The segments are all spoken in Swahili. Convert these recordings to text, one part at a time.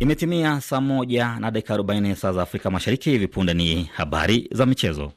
Imetimia saa moja na dakika arobaini saa za Afrika Mashariki. Hivi punde ni habari za michezo.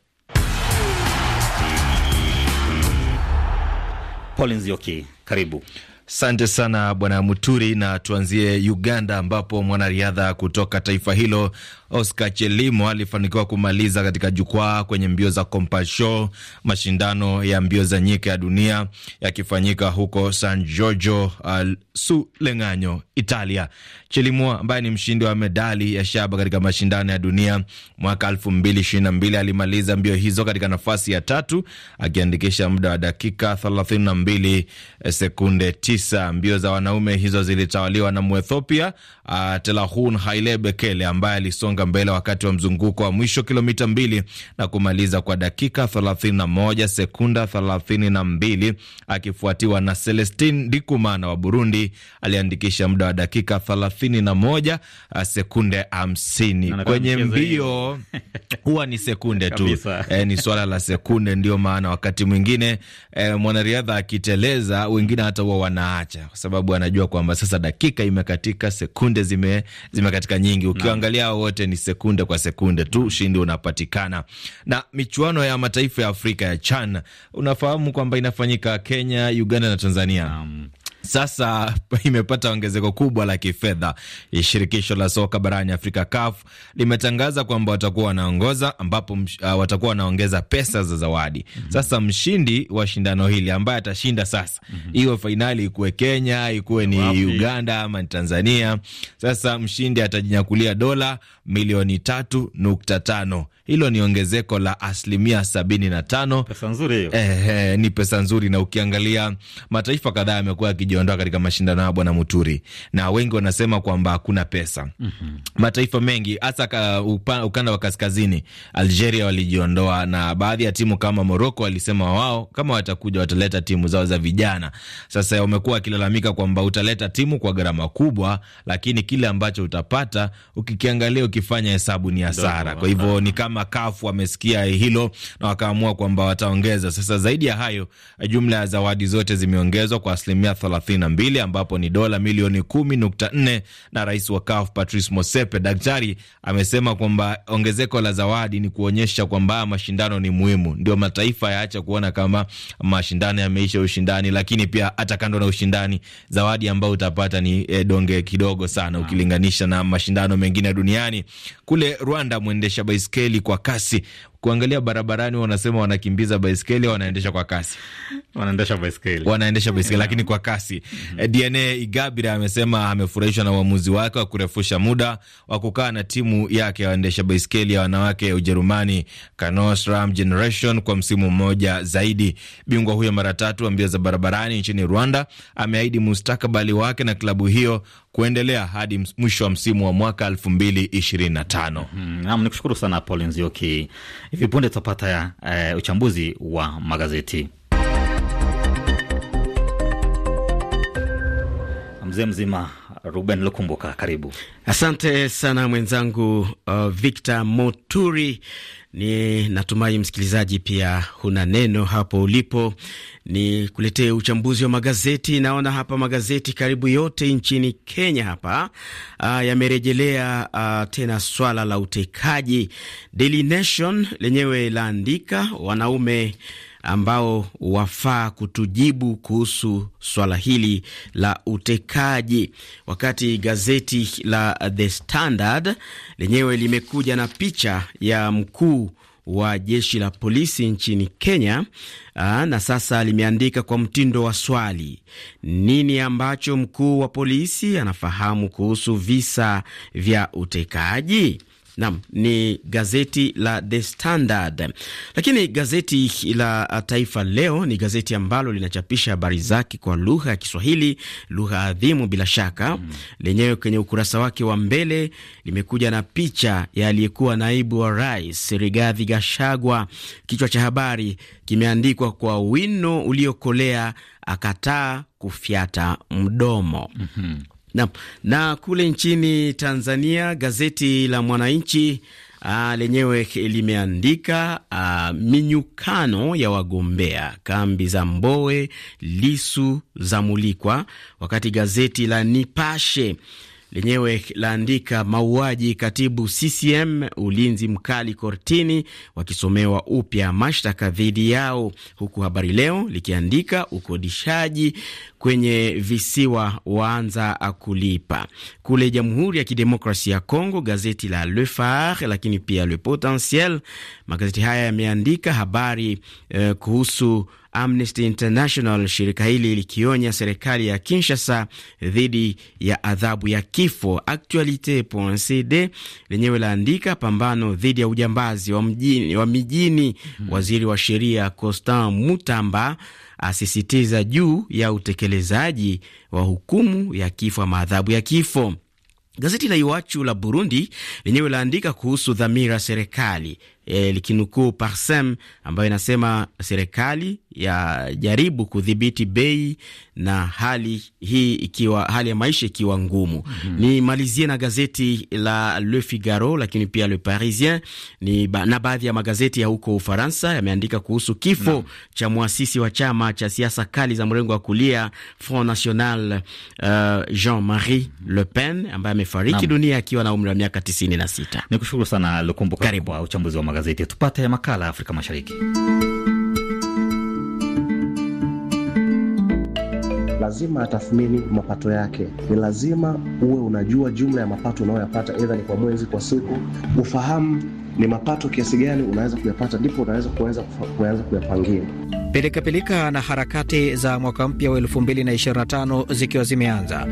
Paul Nzioki, karibu. Asante sana Bwana Muturi, na tuanzie Uganda ambapo mwanariadha kutoka taifa hilo Oscar Chelimo alifanikiwa kumaliza katika jukwaa kwenye mbio za Compassho, mashindano ya mbio za nyika ya dunia yakifanyika huko San Giorgio uh, su Lenganyo, Italia. Chelimo ambaye ni mshindi wa medali ya shaba katika mashindano ya dunia mwaka 2022 alimaliza mbio hizo katika nafasi ya tatu akiandikisha muda wa dakika 32 eh, sekunde 9 tisa. Mbio za wanaume hizo zilitawaliwa na Mwethiopia uh, Telahun Haile Bekele ambaye alisonga mbele wakati wa mzunguko wa mwisho kilomita mbili na kumaliza kwa dakika 31 sekunda 32, akifuatiwa na Celestin Dikumana wa Burundi aliandikisha muda wa dakika 31 uh, sekunde 50. Kwenye mbio huwa ni sekunde tu e, ni swala la sekunde, ndio maana wakati mwingine e, mwanariadha akiteleza wengine hata huwa wana anaacha kwa sababu anajua kwamba sasa dakika imekatika, sekunde zime zimekatika nyingi. Ukiangalia wote ni sekunde kwa sekunde tu ushindi unapatikana. Na michuano ya mataifa ya Afrika ya CHAN unafahamu kwamba inafanyika Kenya, Uganda na Tanzania. Naam sasa imepata ongezeko kubwa la kifedha. E, shirikisho la soka barani Afrika, CAF, limetangaza kwamba watakuwa wanaongoza, ambapo uh, watakuwa wanaongeza pesa za zawadi. mm -hmm. Sasa mshindi wa shindano hili ambaye atashinda sasa, mm -hmm. iwe fainali ikuwe Kenya, ikuwe ni Wapi, Uganda ama ni Tanzania, sasa mshindi atajinyakulia dola milioni tatu nukta tano. Hilo ni ongezeko la asilimia sabini na tano. Pesa nzuri hiyo. Eh, eh, ni pesa nzuri, na ukiangalia mataifa kadhaa yamekuwa yakijia kujiondoa katika mashindano ya Bwana Muturi, na wengi wanasema kwamba hakuna pesa. mm -hmm. Mataifa mengi hasa ukanda wa kaskazini, Algeria walijiondoa, na baadhi ya timu kama Moroko walisema wao kama watakuja wataleta timu zao za vijana. Sasa wamekuwa wakilalamika kwamba utaleta timu kwa gharama kubwa, lakini kile ambacho utapata ukikiangalia, ukifanya hesabu ni hasara. Kwa hivyo ni kama kafu wamesikia hilo na wakaamua kwamba wataongeza. Sasa zaidi ya hayo, jumla ya zawadi zote zimeongezwa kwa asilimia 32 ambapo ni dola milioni 10.4 na rais wa CAF Patrice Motsepe. Daktari amesema kwamba ongezeko la zawadi ni kuonyesha kwamba mashindano ni muhimu, ndio mataifa yaacha kuona kama mashindano yameisha ushindani, lakini pia hata kando na ushindani, zawadi ambayo utapata ni eh, donge kidogo sana ukilinganisha na mashindano mengine duniani. Kule Rwanda mwendesha baiskeli kwa kasi kuangalia barabarani, wanasema wanakimbiza baiskeli, wanaendesha kwa kasi, wanaendesha baiskeli, wanaendesha baiskeli yeah, lakini kwa kasi mm -hmm. Eh, DNA Igabira amesema amefurahishwa na uamuzi wake wa kurefusha muda wa kukaa na timu yake ya waendesha baiskeli ya wanawake ya Ujerumani Canosram Generation kwa msimu mmoja zaidi. Bingwa huyo mara tatu wa mbio za barabarani nchini Rwanda ameahidi mustakabali wake na klabu hiyo kuendelea hadi mwisho wa msimu wa mwaka 2025. Mm, naam, nikushukuru sana Paul Nzioki. Hivi punde tutapata uh, uchambuzi wa magazeti. Mzee mzima Ruben Lukumbuka, karibu. Asante sana mwenzangu uh, Victor Moturi. Ni natumai msikilizaji pia huna neno hapo ulipo, ni kuletee uchambuzi wa magazeti. Naona hapa magazeti karibu yote nchini Kenya hapa uh, yamerejelea uh, tena swala la utekaji. Daily Nation lenyewe laandika wanaume ambao wafaa kutujibu kuhusu swala hili la utekaji. Wakati gazeti la The Standard lenyewe limekuja na picha ya mkuu wa jeshi la polisi nchini Kenya. Aa, na sasa limeandika kwa mtindo wa swali: nini ambacho mkuu wa polisi anafahamu kuhusu visa vya utekaji? nam ni gazeti la The Standard. Lakini gazeti la Taifa Leo ni gazeti ambalo linachapisha habari zake kwa lugha ya Kiswahili, lugha adhimu bila shaka mm. Lenyewe kwenye ukurasa wake wa mbele limekuja na picha ya aliyekuwa naibu wa rais Rigathi Gachagua. Kichwa cha habari kimeandikwa kwa wino uliokolea, akataa kufyata mdomo. mm -hmm. Na, na kule nchini Tanzania gazeti la Mwananchi Ah, lenyewe limeandika a, ah, minyukano ya wagombea kambi za Mbowe Lisu za mulikwa, wakati gazeti la Nipashe lenyewe laandika mauaji katibu CCM, ulinzi mkali kortini, wakisomewa upya mashtaka dhidi yao, huku Habari Leo likiandika ukodishaji kwenye visiwa waanza kulipa. Kule Jamhuri ya Kidemokrasia ya Kongo, gazeti la Le Phare lakini pia Le Potentiel, magazeti haya yameandika habari eh, kuhusu Amnesty International, shirika hili likionya serikali ya Kinshasa dhidi ya adhabu ya kifo. Actualite.cd lenyewe laandika pambano dhidi ya ujambazi wa mjini, wa mijini. Hmm. Waziri wa sheria Constant Mutamba asisitiza juu ya utekelezaji wa hukumu ya kifo ama adhabu ya kifo. Gazeti la Iwachu la Burundi lenyewe laandika kuhusu dhamira ya serikali e, likinukuu Parsem ambayo inasema serikali yajaribu kudhibiti bei na hali hii ikiwa hali ya maisha ikiwa ngumu. mm -hmm. Ni malizie na gazeti la Le Figaro, lakini pia Le Parisien ni ba, na baadhi ya magazeti ya huko Ufaransa yameandika kuhusu kifo no. cha mwasisi wa chama cha siasa kali za mrengo wa kulia Front National uh, Jean-Marie Le Pen ambaye amefariki no. dunia akiwa na umri wa miaka 96. Nikushukuru sana Lukumbuka karibu uchambuzi wa magazeti. Tupate makala ya Afrika Mashariki. lazima atathmini mapato yake. Ni lazima uwe unajua jumla ya mapato unayoyapata, edha ni kwa mwezi, kwa siku, ufahamu ni mapato kiasi gani unaweza kuyapata, ndipo unaweza kuanza kuyapangia. Pilikapilika na harakati za mwaka mpya wa 2025 zikiwa zimeanza,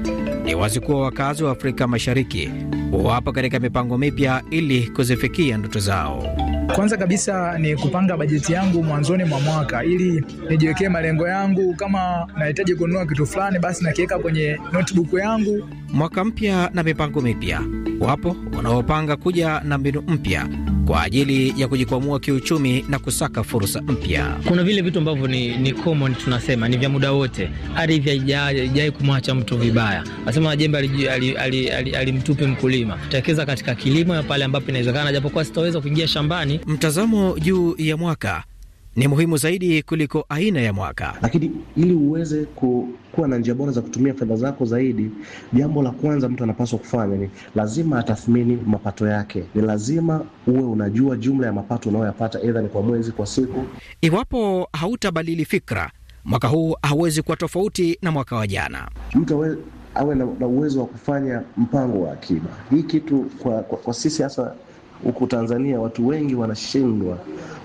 ni wazi kuwa wakazi wa Afrika Mashariki wapo katika mipango mipya ili kuzifikia ndoto zao. Kwanza kabisa ni kupanga bajeti yangu mwanzoni mwa mwaka ili nijiwekee malengo yangu. Kama nahitaji kununua kitu fulani, basi nakiweka kwenye notebook yangu. Mwaka mpya na mipango mipya, wapo wanaopanga kuja na mbinu mpya kwa ajili ya kujikwamua kiuchumi na kusaka fursa mpya. Kuna vile vitu ambavyo ni, ni common tunasema ni vya muda wote, ardhi haijai kumwacha mtu vibaya. Nasema jembe alimtupe ali, ali, ali, ali mkulima, tekeza katika kilimo pale ambapo inawezekana, japokuwa sitaweza kuingia shambani. Mtazamo juu ya mwaka ni muhimu zaidi kuliko aina ya mwaka. Lakini ili uweze kuwa na njia bora za kutumia fedha zako zaidi, jambo la kwanza mtu anapaswa kufanya ni lazima atathmini mapato yake. Ni lazima uwe unajua jumla ya mapato unayoyapata, aidha ni kwa mwezi, kwa siku. Iwapo hautabadili fikra, mwaka huu hauwezi kuwa tofauti na mwaka wa jana. Mtu awe na, na uwezo wa kufanya mpango wa akiba. Hii kitu kwa, kwa, kwa sisi hasa huku Tanzania watu wengi wanashindwa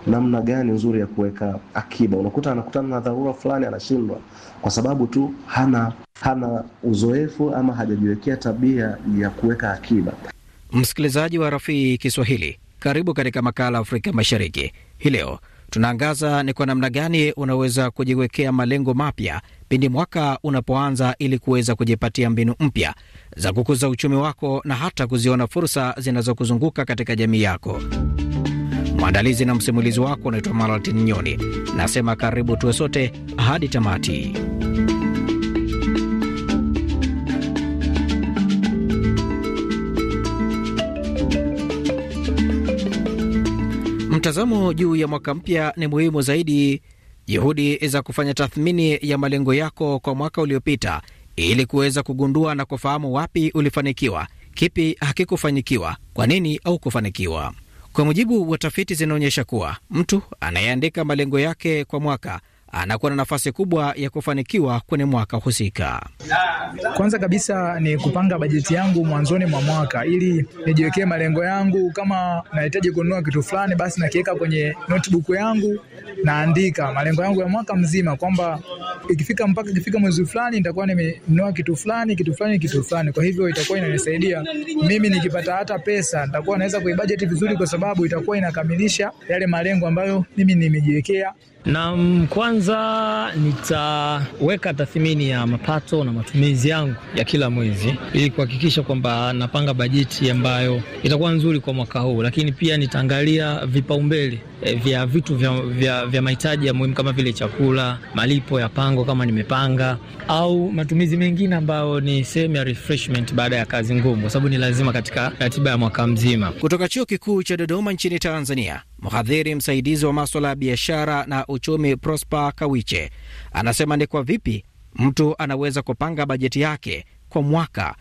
namna gani nzuri ya kuweka akiba. Unakuta anakutana na dharura fulani, anashindwa kwa sababu tu hana hana uzoefu ama hajajiwekea tabia ya kuweka akiba. Msikilizaji wa Rafii Kiswahili, karibu katika makala Afrika Mashariki hii leo. Tunaangaza ni kwa namna gani unaweza kujiwekea malengo mapya pindi mwaka unapoanza ili kuweza kujipatia mbinu mpya za kukuza uchumi wako na hata kuziona fursa zinazokuzunguka katika jamii yako. Mwandalizi na msimulizi wako unaitwa Maratin Nyoni, nasema karibu tuwe sote hadi tamati. Mtazamo juu ya mwaka mpya ni muhimu zaidi, juhudi za kufanya tathmini ya malengo yako kwa mwaka uliopita ili kuweza kugundua na kufahamu wapi ulifanikiwa, kipi hakikufanyikiwa, kwa nini au kufanikiwa. Kwa mujibu wa tafiti zinaonyesha kuwa mtu anayeandika malengo yake kwa mwaka anakuwa na nafasi kubwa ya kufanikiwa kwenye mwaka husika. Kwanza kabisa ni kupanga bajeti yangu mwanzoni mwa mwaka ili nijiwekee malengo yangu. Kama nahitaji kununua kitu fulani, basi nakiweka kwenye notebook yangu, naandika malengo yangu ya mwaka mzima kwamba ikifika mpaka ikifika mwezi fulani nitakuwa nimenunua kitu fulani kitu fulani kitu fulani. Kwa hivyo itakuwa inanisaidia mimi, nikipata hata pesa nitakuwa naweza kuibajeti vizuri, kwa sababu itakuwa inakamilisha yale malengo ambayo mimi nimejiwekea Naam, kwanza nitaweka tathmini ya mapato na matumizi yangu ya kila mwezi ili kuhakikisha kwamba napanga bajeti ambayo itakuwa nzuri kwa mwaka huu, lakini pia nitaangalia vipaumbele e, vya vitu vya, vya, vya mahitaji ya muhimu kama vile chakula, malipo ya pango kama nimepanga, au matumizi mengine ambayo ni sehemu ya refreshment baada ya kazi ngumu, kwa sababu ni lazima katika ratiba ya mwaka mzima. Kutoka Chuo Kikuu cha Dodoma nchini Tanzania. Mhadhiri msaidizi wa maswala ya biashara na uchumi Prosper Kawiche anasema ni kwa vipi mtu anaweza kupanga bajeti yake kwa mwaka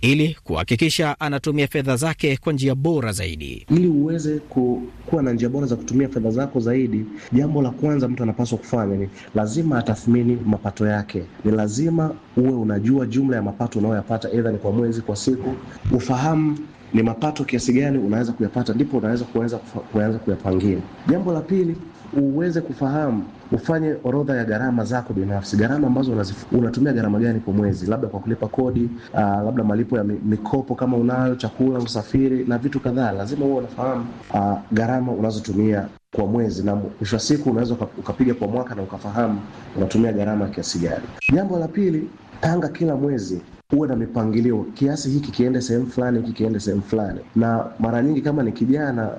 ili kuhakikisha anatumia fedha zake kwa njia bora zaidi. Ili uweze kuwa na njia bora za kutumia fedha zako zaidi, jambo la kwanza mtu anapaswa kufanya ni lazima atathmini mapato yake. Ni lazima uwe unajua jumla ya mapato unayoyapata, aidha ni kwa mwezi, kwa siku, ufahamu ni mapato kiasi gani unaweza kuyapata, ndipo unaweza kuanza kuanza kuyapangia. Jambo la pili, uweze kufahamu, ufanye orodha ya gharama zako binafsi, gharama ambazo unazifu, unatumia gharama gani kwa mwezi, labda kwa kulipa kodi, uh, labda malipo ya mikopo kama unayo, chakula, usafiri na vitu kadhaa. Lazima huwa unafahamu uh, gharama unazotumia kwa mwezi na mwisho wa siku unaweza ukapiga kwa mwaka na ukafahamu unatumia gharama kiasi gani. Jambo la pili, panga kila mwezi uwe na mipangilio, kiasi hiki kiende sehemu fulani, hiki kiende sehemu fulani. Na mara nyingi kama ni kijana,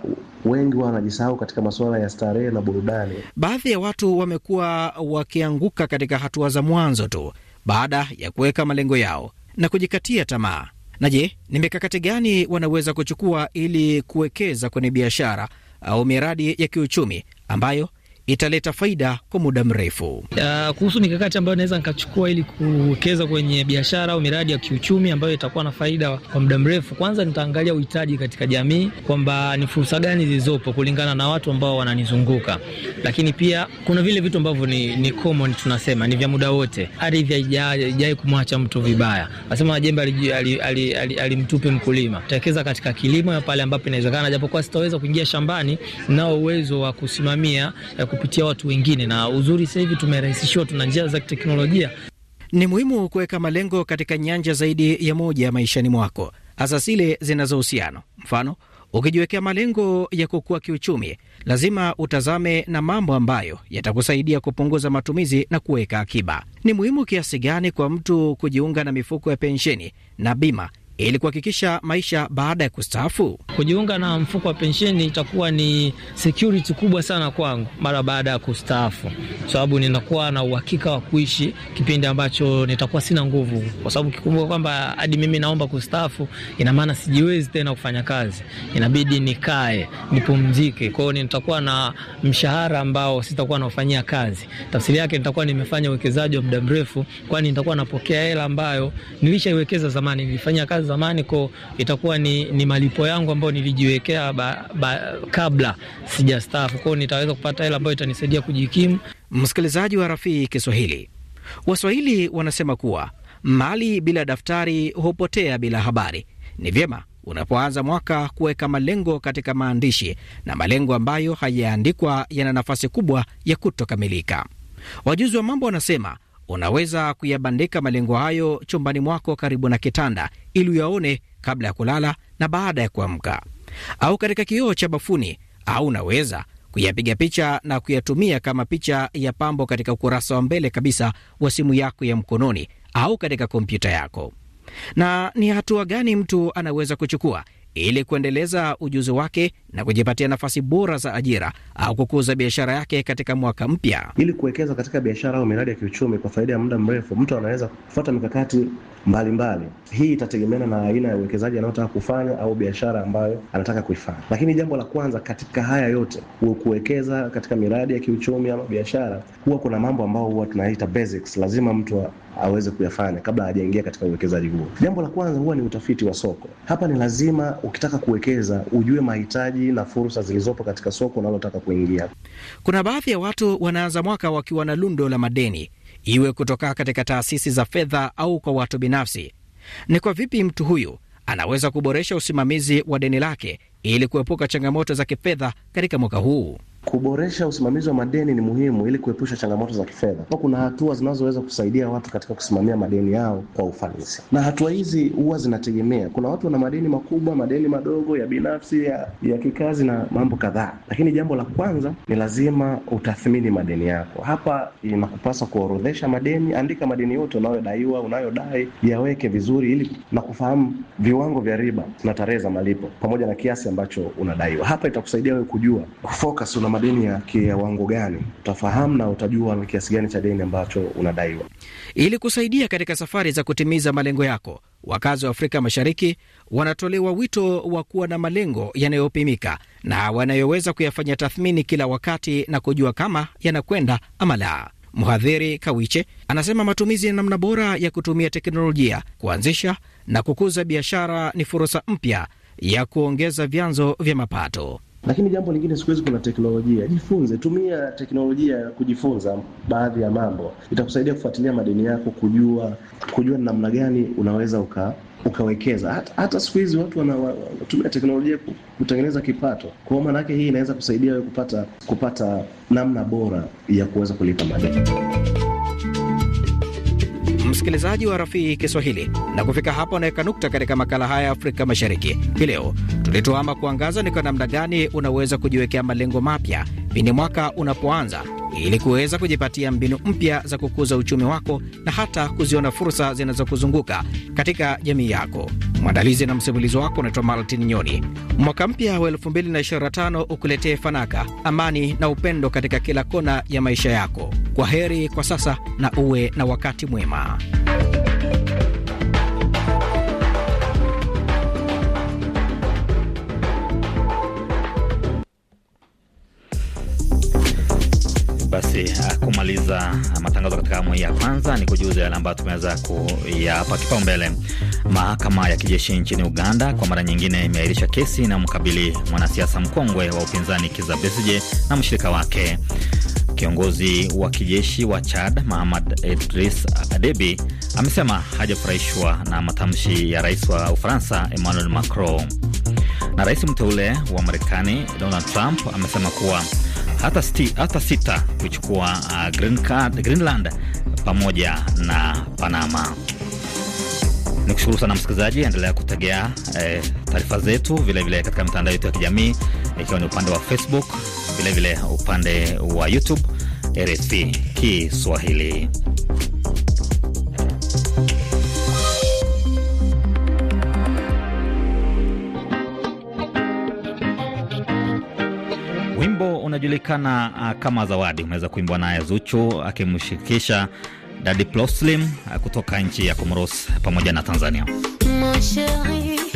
wengi wanajisahau katika masuala ya starehe na burudani. Baadhi ya watu wamekuwa wakianguka katika hatua za mwanzo tu baada ya kuweka malengo yao na kujikatia tamaa. Na je, ni mikakati gani wanaweza kuchukua ili kuwekeza kwenye biashara au miradi ya kiuchumi ambayo italeta faida kwa muda mrefu. Uh, kuhusu mikakati ambayo naweza nikachukua ili kuwekeza kwenye biashara au miradi ya kiuchumi ambayo itakuwa na faida kwa muda mrefu, kwanza nitaangalia uhitaji katika jamii kwamba ni fursa gani zilizopo kulingana na watu ambao wananizunguka, lakini pia kuna vile vitu ambavyo ni, ni common tunasema ni vya muda wote. Ardhi haijai kumwacha mtu vibaya, nasema jembe alimtupe ali, ali, ali, ali ali mkulima. Tawekeza katika kilimo pale ambapo inawezekana, japokuwa sitaweza kuingia shambani, nao uwezo wa kusimamia eh, kupitia watu wengine, na uzuri sasa hivi tumerahisishiwa, tuna njia za kiteknolojia. Ni muhimu kuweka malengo katika nyanja zaidi ya moja ya maishani mwako, hasa zile zinazohusiano. Mfano, ukijiwekea malengo ya kukua kiuchumi, lazima utazame na mambo ambayo yatakusaidia kupunguza matumizi na kuweka akiba. Ni muhimu kiasi gani kwa mtu kujiunga na mifuko ya pensheni na bima ili kuhakikisha maisha baada ya kustaafu. Kujiunga na mfuko wa pensheni itakuwa ni security kubwa sana kwangu mara baada ya kustaafu, kwa sababu ninakuwa na uhakika wa kuishi kipindi ambacho nitakuwa sina nguvu, kwa sababu kikumbuka kwamba hadi mimi naomba kustaafu, ina maana sijiwezi tena kufanya kazi, inabidi nikae nipumzike. Kwa hiyo nitakuwa na mshahara ambao sitakuwa naofanyia kazi. Tafsiri yake nitakuwa nimefanya uwekezaji wa muda mrefu, kwani nitakuwa napokea hela ambayo nilishaiwekeza zamani, nilifanya kazi zamani ko itakuwa ni, ni malipo yangu ambayo nilijiwekea ba, ba, kabla sijastaafu, kwao nitaweza kupata hela ambayo itanisaidia kujikimu. Msikilizaji wa Rafii Kiswahili, Waswahili wanasema kuwa mali bila daftari hupotea bila habari. Ni vyema unapoanza mwaka kuweka malengo katika maandishi, na malengo ambayo hayaandikwa yana nafasi kubwa ya kutokamilika. Wajuzi wa mambo wanasema Unaweza kuyabandika malengo hayo chumbani mwako karibu na kitanda ili uyaone kabla ya kulala na baada ya kuamka, au katika kioo cha bafuni, au unaweza kuyapiga picha na kuyatumia kama picha ya pambo katika ukurasa wa mbele kabisa wa simu yako ya mkononi au katika kompyuta yako. Na ni hatua gani mtu anaweza kuchukua ili kuendeleza ujuzi wake na kujipatia nafasi bora za ajira au kukuza biashara yake katika mwaka mpya. Ili kuwekeza katika biashara au miradi ya kiuchumi kwa faida ya muda mrefu, mtu anaweza kufuata mikakati mbalimbali. Hii itategemeana na aina ya uwekezaji anayotaka kufanya au biashara ambayo anataka kuifanya. Lakini jambo la kwanza katika haya yote, kuwekeza katika miradi ya kiuchumi ama biashara, huwa kuna mambo ambayo huwa tunaita basics. Lazima mtu aweze kuyafanya kabla hajaingia katika uwekezaji huo. Jambo la kwanza huwa ni utafiti wa soko. Hapa ni lazima ukitaka kuwekeza ujue mahitaji na fursa zilizopo katika soko unalotaka kuingia. Kuna baadhi ya watu wanaanza mwaka wakiwa na lundo la madeni, iwe kutoka katika taasisi za fedha au kwa watu binafsi. Ni kwa vipi mtu huyu anaweza kuboresha usimamizi wa deni lake ili kuepuka changamoto za kifedha katika mwaka huu? Kuboresha usimamizi wa madeni ni muhimu ili kuepusha changamoto za kifedha. Kwa kuna hatua zinazoweza kusaidia watu katika kusimamia madeni yao kwa ufanisi, na hatua hizi huwa zinategemea. Kuna watu wana madeni makubwa, madeni madogo, ya binafsi, ya, ya kikazi na mambo kadhaa. Lakini jambo la kwanza ni lazima utathmini madeni yako. Hapa inakupasa kuorodhesha madeni, andika madeni yote unayodaiwa, unayodai, yaweke vizuri, ili na kufahamu viwango vya riba na tarehe za malipo pamoja na kiasi ambacho unadaiwa. Hapa itakusaidia wewe kujua kufocus una madeni ya kiwango gani, utafahamu na utajua ni kiasi gani cha deni ambacho unadaiwa. Ili kusaidia katika safari za kutimiza malengo yako, wakazi wa Afrika Mashariki wanatolewa wito wa kuwa na malengo yanayopimika na wanayoweza kuyafanya tathmini kila wakati na kujua kama yanakwenda ama la. Mhadhiri Kawiche anasema matumizi ya namna bora ya kutumia teknolojia kuanzisha na kukuza biashara ni fursa mpya ya kuongeza vyanzo vya mapato. Lakini jambo lingine, siku hizi kuna teknolojia, jifunze, tumia teknolojia ya kujifunza baadhi ya mambo, itakusaidia kufuatilia madeni yako, kujua kujua namna gani unaweza uka ukawekeza hata, hata siku hizi watu wanatumia teknolojia kutengeneza kipato. Kwa maana yake hii inaweza kusaidia wewe kupata kupata namna bora ya kuweza kulipa madeni msikilizaji wa Rafii Kiswahili, na kufika hapo anaweka nukta katika makala haya ya Afrika Mashariki hii leo. Tulituama kuangaza ni kwa namna gani unaweza kujiwekea malengo mapya pindi mwaka unapoanza ili kuweza kujipatia mbinu mpya za kukuza uchumi wako na hata kuziona fursa zinazokuzunguka katika jamii yako. Mwandalizi na msimulizi wako unaitwa Martin Nyoni. Mwaka mpya wa 2025 ukuletee fanaka, amani na upendo katika kila kona ya maisha yako. Kwa heri kwa sasa na uwe na wakati mwema. basi ah, kumaliza ah, matangazo katika awamu ya kwanza, ni kujuza yale ambayo tumeweza kuyapa kipaumbele. Mahakama ya kijeshi nchini Uganda kwa mara nyingine imeahirisha kesi na mkabili mwanasiasa mkongwe wa upinzani Kizza Besigye na mshirika wake. Kiongozi wa kijeshi wa Chad Mahamad Idris adebi amesema hajafurahishwa na matamshi ya rais wa Ufaransa Emmanuel Macron. Na rais mteule wa Marekani Donald Trump amesema kuwa hata, sti, hata sita kuchukua uh, ah, green card, Greenland pamoja na Panama. Ni kushukuru sana msikilizaji, endelea kutegea eh, taarifa zetu vilevile vile katika mitandao yetu ya kijamii ikiwa ni upande wa Facebook vilevile vile upande wa YouTube RFI Kiswahili. unajulikana uh, kama Zawadi umeweza kuimbwa naye Zuchu akimshirikisha Daddy Ploslim uh, kutoka nchi ya Comoros pamoja na Tanzania Mashari.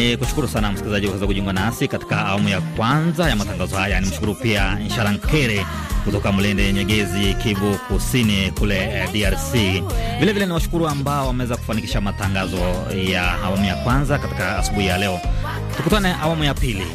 ni kushukuru sana msikilizaji kuweza kujiunga nasi katika awamu ya kwanza ya matangazo haya. Ni mshukuru pia nkere kutoka Mlende Nyegezi, Kivu Kusini kule eh, DRC. Vilevile ni washukuru ambao wameweza kufanikisha matangazo ya awamu ya kwanza katika asubuhi ya leo. Tukutane awamu ya pili.